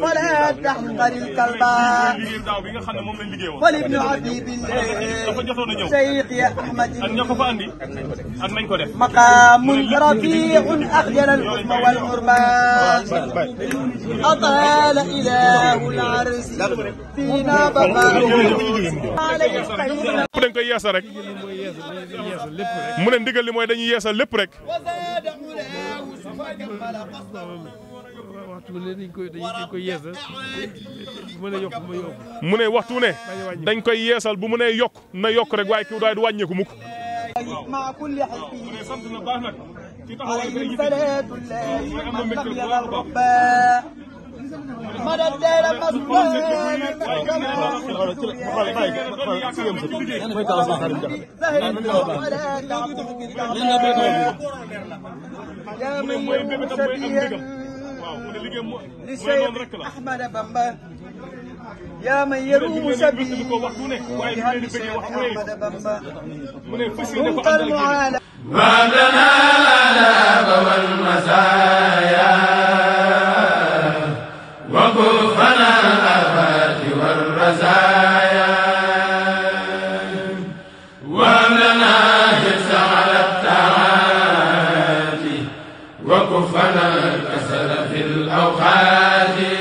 ولا تحقر الكلبا ولابن حبيب الله سيدي أحمد مقام رفيع أخجل الحكم والحرمان أطال إله العرس فينا باباه dañ koy yeesal rek mu ne ndigal li mooy dañuy yeesal lépp rek waxtu ne dañ koy yeesal bu mu yokk. mu ne dañ koy yeesal bu mënee yokk na yokk rek waaye kii daay du wàññeeku mukk. li Seydi Ahmada Bamba yaa ma yaruumu sabi li hammi Seydi Ahmada Bamba munqal muaala ma lana laaba wal masaaya wa kufana al afaati wal rasaaya وكفنا الكسل في الأوقات